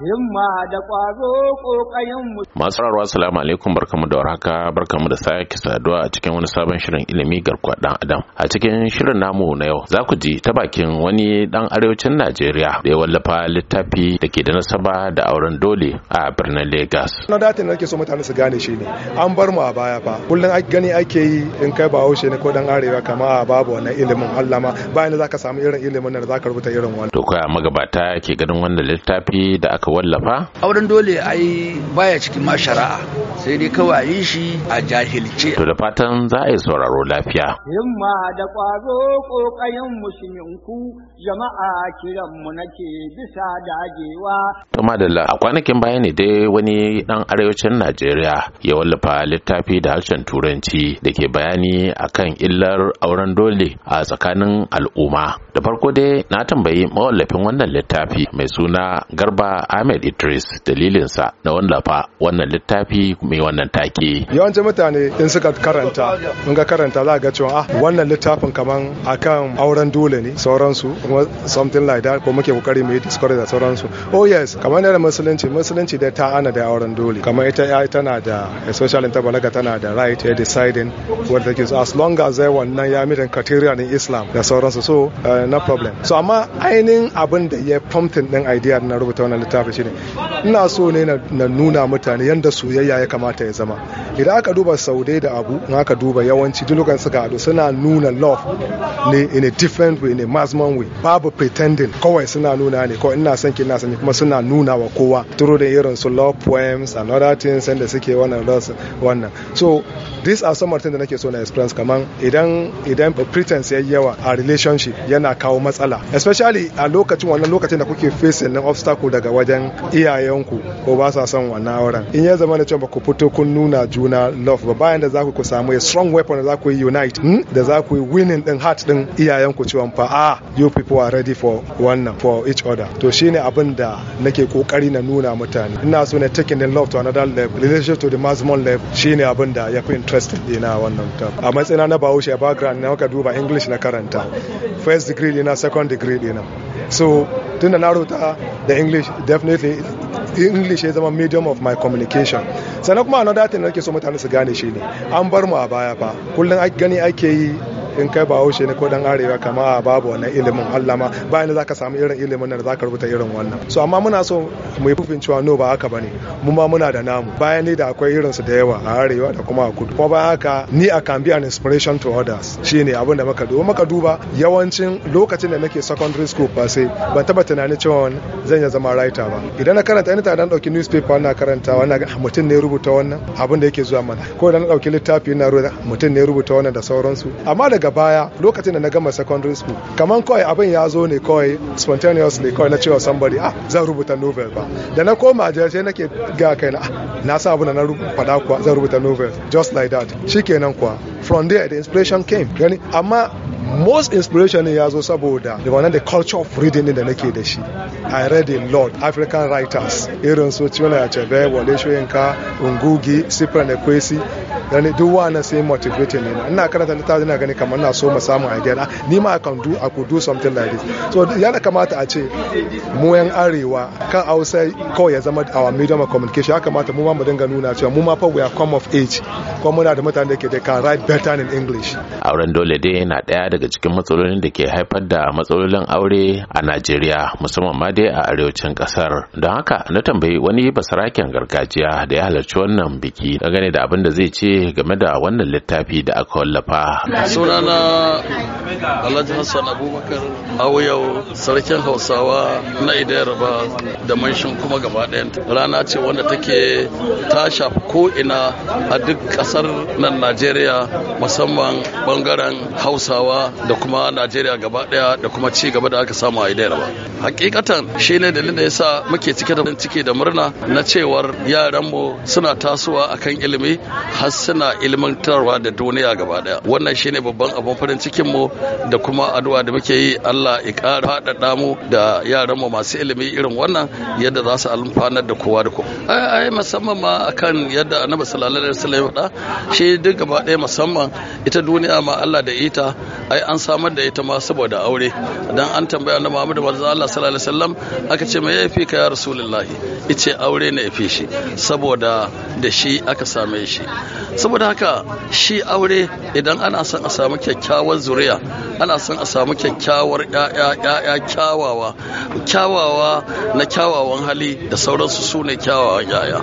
himma da ƙwazo ƙoƙayen mu. Masu rarwa salamu alaikum barkamu da warhaka barkamu da sake saduwa a cikin wani sabon shirin ilimi garkuwa ɗan adam. A cikin shirin namu na yau za ku ji ta bakin wani dan arewacin Najeriya da ya wallafa littafi da ke da nasaba da auren dole a birnin Legas. Na datin da nake so mutane su gane shi ne an bar mu a baya fa kullum gani ake yi in kai ba ne ko dan arewa kama babu wannan ilimin Allah ma bayan da zaka samu irin ilimin da zaka rubuta irin wannan. To magabata ke ganin wannan littafi da aka wallafa auren dole ai baya cikin ma shari'a sai dai kawai yi shi a jahilce to da fatan za a yi sauraro lafiya himma da ƙwazo kokayen musulunku jama'a kiran mu nake bisa dagewa to madalla a kwanakin baya ne dai wani dan arewacin Najeriya ya wallafa littafi da harshen turanci da ke bayani akan illar auren dole a tsakanin al'umma da farko dai na tambayi mawallafin wannan littafi mai suna garba ahmed idris dalilinsa na wallafa wannan littafi mai wannan take yawancin mutane in suka karanta in ga karanta za ga cewa ah wannan littafin kaman akan auren dole ne sauransu kuma something like that ko muke kokari mu yi discourage da sauransu oh yes kamar da musulunci musulunci da ta ana da auren dole kamar ita ya tana da social inter tana da right ya deciding what take as long as they wannan ya mitin criteria ne islam da sauransu so eh, na problem so amma ainihin abin da ya prompting din idea na rubuta wannan littafi ne ina so ne na nuna mutane yadda soyayya ya kamata ya zama idan aka duba saude da abu in aka duba yawanci duk lokacin suka hadu suna nuna love ne in a different way in a maximum way babu pretending kawai suna nuna ne kawai ina son ki ina son kuma suna nuna wa kowa turo da irin su love poems and other things da suke wannan wannan so these are some of the things da nake so na experience kaman idan idan pretense yayi yawa a relationship yana yana kawo matsala especially a lokacin wannan lokacin da kuke face na obstacle daga wajen iyayenku ko ba sa son wannan auren in ya zama da cewa ku fito kun nuna juna love ba bayan da za ku samu a strong weapon da za ku yi unite hmm, da za ku yi winning din heart din iyayenku cewa fa ah you people are ready for one for each other to shine abin da nake kokari na nuna mutane ina so na taking the love to another level relationship to the maximum level shine abin da ya fi interested dina wannan a matsayina na a background na ka duba english na karanta first degree dina second degree dina so tunda na rubuta da english definitely english ya zama medium of my communication sannan kuma another thing da nake so mutane su gane shi ne an bar mu a baya fa kullum gani ake yi in kai ba haushe ne ko dan arewa kama babu wannan ilimin Allah ma ba za zaka samu irin ilimin nan zaka rubuta irin wannan so amma muna so mu yi fufin cewa no ba haka bane mun ma muna da namu bayan ne da akwai irin su da yawa a arewa da kuma a kudu kuma ba haka ni a can be an inspiration to others shine abin da muka duba muka duba yawancin lokacin da nake secondary school ba sai ban taba tunanin cewa zan ya zama writer ba idan na karanta ina dan dauki newspaper na karanta wannan mutum ne rubuta wannan abin da yake zuwa mana ko dan na dauki littafi na rubuta mutum ne rubuta wannan da sauransu amma da daga baya lokacin da na gama secondary school kamar kawai abin ya zo ne kawai ne kawai na cewa somebody ah zan rubuta novel ba da na koma je sai nake ga kai ah, na sa abu na na fada kuwa zan rubuta novel just like that shikenan kuwa from there the inspiration came gani amma most inspiration ya zo saboda da wannan the culture of reading da nake da shi i read a lot african writers irin su chebe wale shoyinka ungugi sipra ne kwesi dan duk wannan sai motivating ne ina karanta littafi ina gani kamar na so mu samu idea ni ma i can do i could do something like this so ya kamata a ce mu yan arewa kan Hausa ko ya zama our medium of communication ya kamata mu ma mu dinga nuna cewa mu ma fa we are come of age kuma muna da mutane da ke da can write better in English auren dole dai na ɗaya daga cikin matsalolin da ke haifar da matsalolin aure a najeriya musamman ma dai a arewacin ƙasar don haka na tambayi wani basaraken gargajiya da ya halarci wannan biki gane da abin da zai ce game da wannan littafi da aka wallafa sunana alhaji hassan abubakar auyau sarkin hausawa na idaraba da manshin kuma gaba rana ce wanda take ta shafi ko ina a duk ƙasar nan najeriya musamman bangaren hausawa da kuma najeriya gaba daya da kuma ci gaba da aka samu a idaira ba hakikatan shi ne dalilin da yasa muke cike da ciki da murna na cewar yaranmu suna tasowa kan ilimi har suna ilmantarwa da duniya gaba daya wannan shine babban abin farin cikin mu da kuma addu'a da muke yi Allah ya ƙara faɗaɗa mu da yaranmu masu ilimi irin wannan yadda za su alfanar da kowa da kowa ai musamman ma akan yadda annabi sallallahu alaihi wasallam ya faɗa shi duk gaba ɗaya musamman ita duniya ma Allah da ita ai an samar da ita ma saboda aure dan an tambaya annabi Muhammad manzo Allah sallallahu alaihi wasallam aka ce me yafi ka ya rasulullahi ice aure ne yafi shi saboda da shi aka same shi saboda haka shi aure idan ana son a samu kyakkyawar zuriya ana son a samu kyakkyawar ya'ya kyawawa kyawawa na kyawawan hali da sauransu su ne kyawawan ya'ya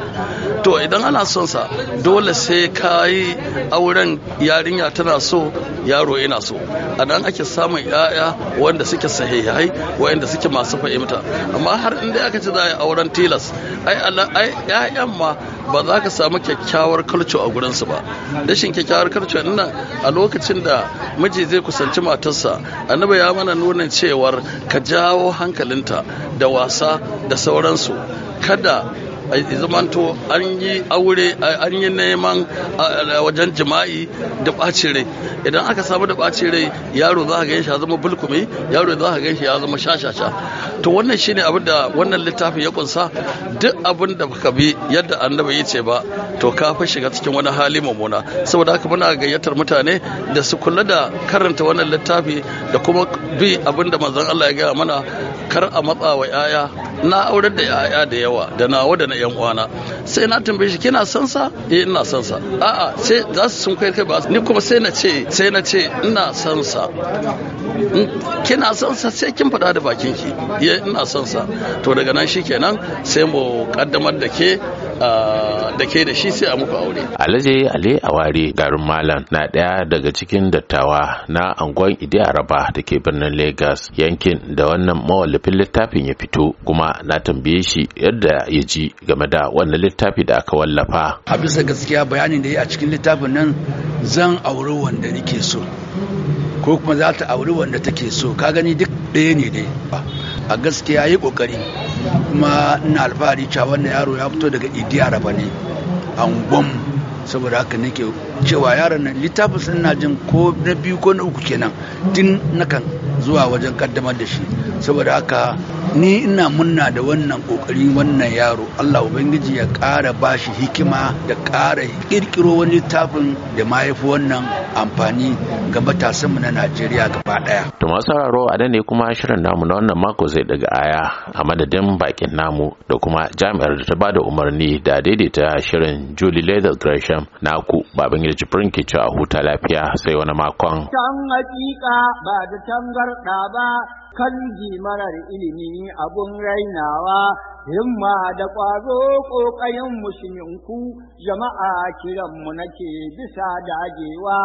to idan ana son sa dole sai ka yi auren yarinya tana so yaro yana so a nan ake samun ya'ya wanda suke sahihai wanda suke masu fahimta amma har inda aka ci za a yi auren tilas ai ya'yan ma ba za ka samu kyakkyawar kalco a gurinsu ba rashin kyakkyawar kalco ina a lokacin da miji zai kusanci matarsa annabi ya mana nuna cewar ka jawo hankalinta da wasa da sauransu kada zamanto an yi aure an yi neman wajen jima'i da ɓacin rai idan aka samu da ɓacin rai yaro za ka gan shi ya zama bulkumi yaro za a gan shi ya zama shashasha to wannan shine abin da wannan littafin ya kunsa duk abin da baka bi yadda annabi ya ce ba to ka fi shiga cikin wani hali mummuna saboda haka muna gayyatar mutane da su kula da karanta wannan littafi da kuma bi abin da manzon Allah ya gaya mana kar a matsa wa 'ya'ya na aurar da 'ya'ya da yawa da nawa da na 'yan uwana sai na tambaye shi kina son sa eh ina son sa a'a sai za su sun kai kai ba ni kuma sai na ce sai na ce ina son sa mm, kina son sa sai kin faɗa da bakin ki eh ina son sa to daga nan shikenan sai mu kaddamar da ke da ke da shi sai a muku aure alhaji ali awari garin malam na ɗaya daga cikin dattawa na angon idi araba da ke birnin lagos yankin da wannan mawallafin littafin ya fito kuma na tambaye shi yadda ya ji game da wannan littafi da aka wallafa a bisa gaskiya bayanin da ya a cikin littafin nan zan auri wanda nake so ko kuma za ta auri wanda take so ka gani duk ɗaya ne dai a gaskiya yi kokari kuma ina alfahari cewa wannan yaro ya fito daga idi araba ne angon saboda haka nake cewa yaron nan littafin sun na jin ko na biyu ko na uku kenan tun nakan zuwa wajen kaddamar da shi saboda haka ni ina munna da wannan kokari wannan yaro Allah ubangiji ya ƙara bashi hikima da ƙara kirkiro wani littafin da ma wannan amfani ga matasanmu na Najeriya gaba ɗaya. To masu a ne kuma shirin namu na wannan mako zai daga aya a madadin bakin namu da kuma jami'ar da ta ba da umarni da daidaita shirin Julie Leather Gresham naku ku? gida jifirin ke cewa huta lafiya sai wani makon. Can hakika ba da tangarɗa ba kanji marar ilimi abun rainawa himma da ƙwazo ƙoƙarin musulminku jama'a kiranmu nake bisa dagewa